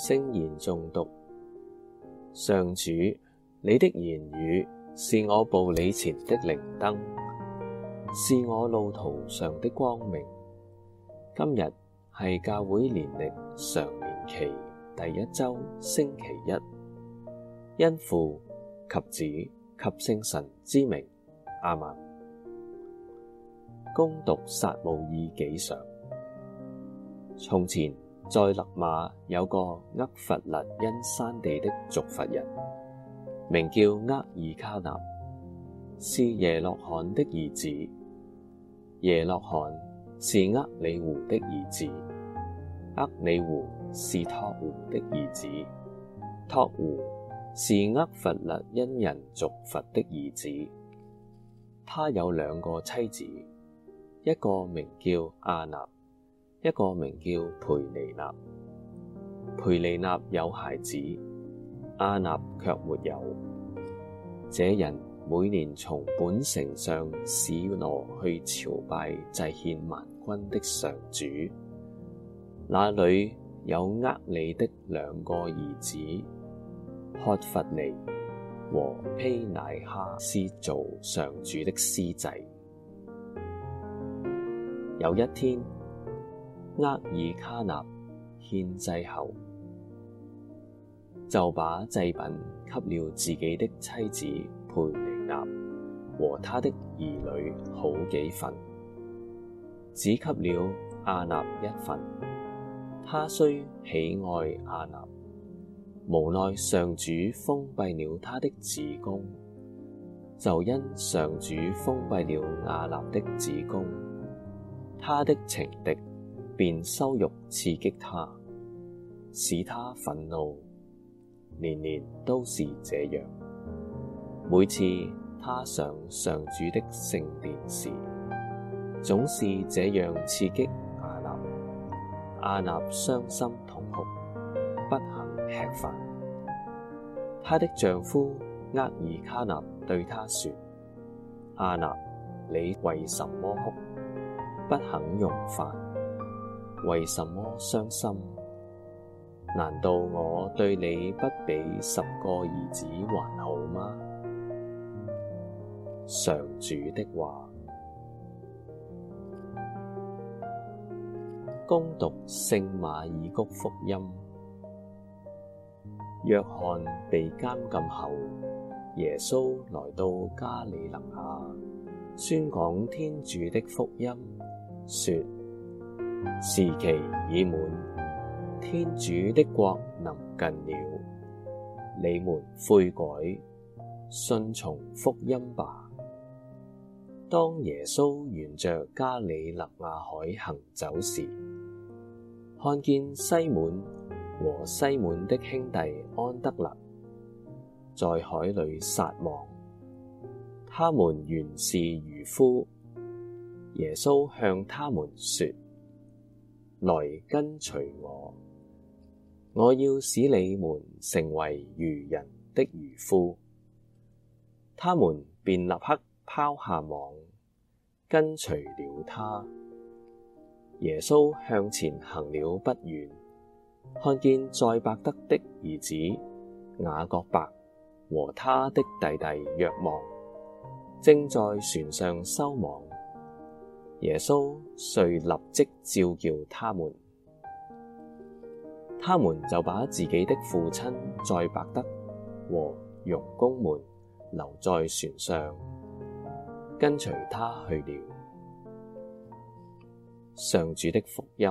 聖言誦讀，上主，你的言語是我步履前的靈燈，是我路途上的光明。今日係教會年曆常年期第一週星期一，因父及子及聖神之名，阿們。恭讀撒慕爾紀上。從前。在辣瑪有個厄弗辣因山地的族弗人，名叫厄耳卡納，是耶洛罕的兒子。耶洛罕是厄里胡的兒子，厄里胡是托胡的兒子，托胡是厄弗辣因人族弗的兒子。他有兩個妻子，一個名叫亞納。一個名叫培尼納，培尼納有孩子，亞納卻沒有。這人每年從本城上史羅去朝拜祭獻萬軍的上主，那裏有厄里的兩個兒子，曷弗尼和丕乃哈斯做上主的司祭。有一天。厄耳卡納獻祭後，就把祭品給了自己的妻子培尼納和她的兒女好幾份，只給了亞納一份。他雖喜愛亞納，無奈上主封閉了她的子宮，就因上主封閉了亞納的子宮，她的情敵。便羞辱刺激他，使他憤怒。年年都是這樣，每次他上上主的聖殿時，總是這樣刺激亞納。亞納傷心痛哭，不肯吃飯。她的丈夫厄耳卡納對他說：亞納，你為什麼哭？不肯用飯？為什麼傷心？難道我對你不比十個兒子還好嗎？上主的話。恭讀聖馬爾谷福音。若翰被監禁後，耶穌來到加里肋亞，宣講天主的福音，說。時期已滿，天主的國臨近了。你們悔改，信從福音吧。當耶穌沿着加里肋亞海行走時，看見西滿和西滿的兄弟安德肋在海裏撒網，他們原是漁夫。耶穌向他們說。來跟隨我，我要使你們成為漁人的漁夫，他們便立刻拋下網，跟隨了他。耶穌向前行了不遠，看見載伯德的兒子雅各伯和他的弟弟若望正在船上修網。耶穌遂立即召叫他們，他們就把自己的父親載伯德和傭工們留在船上，跟隨他去了。—上主的福音。.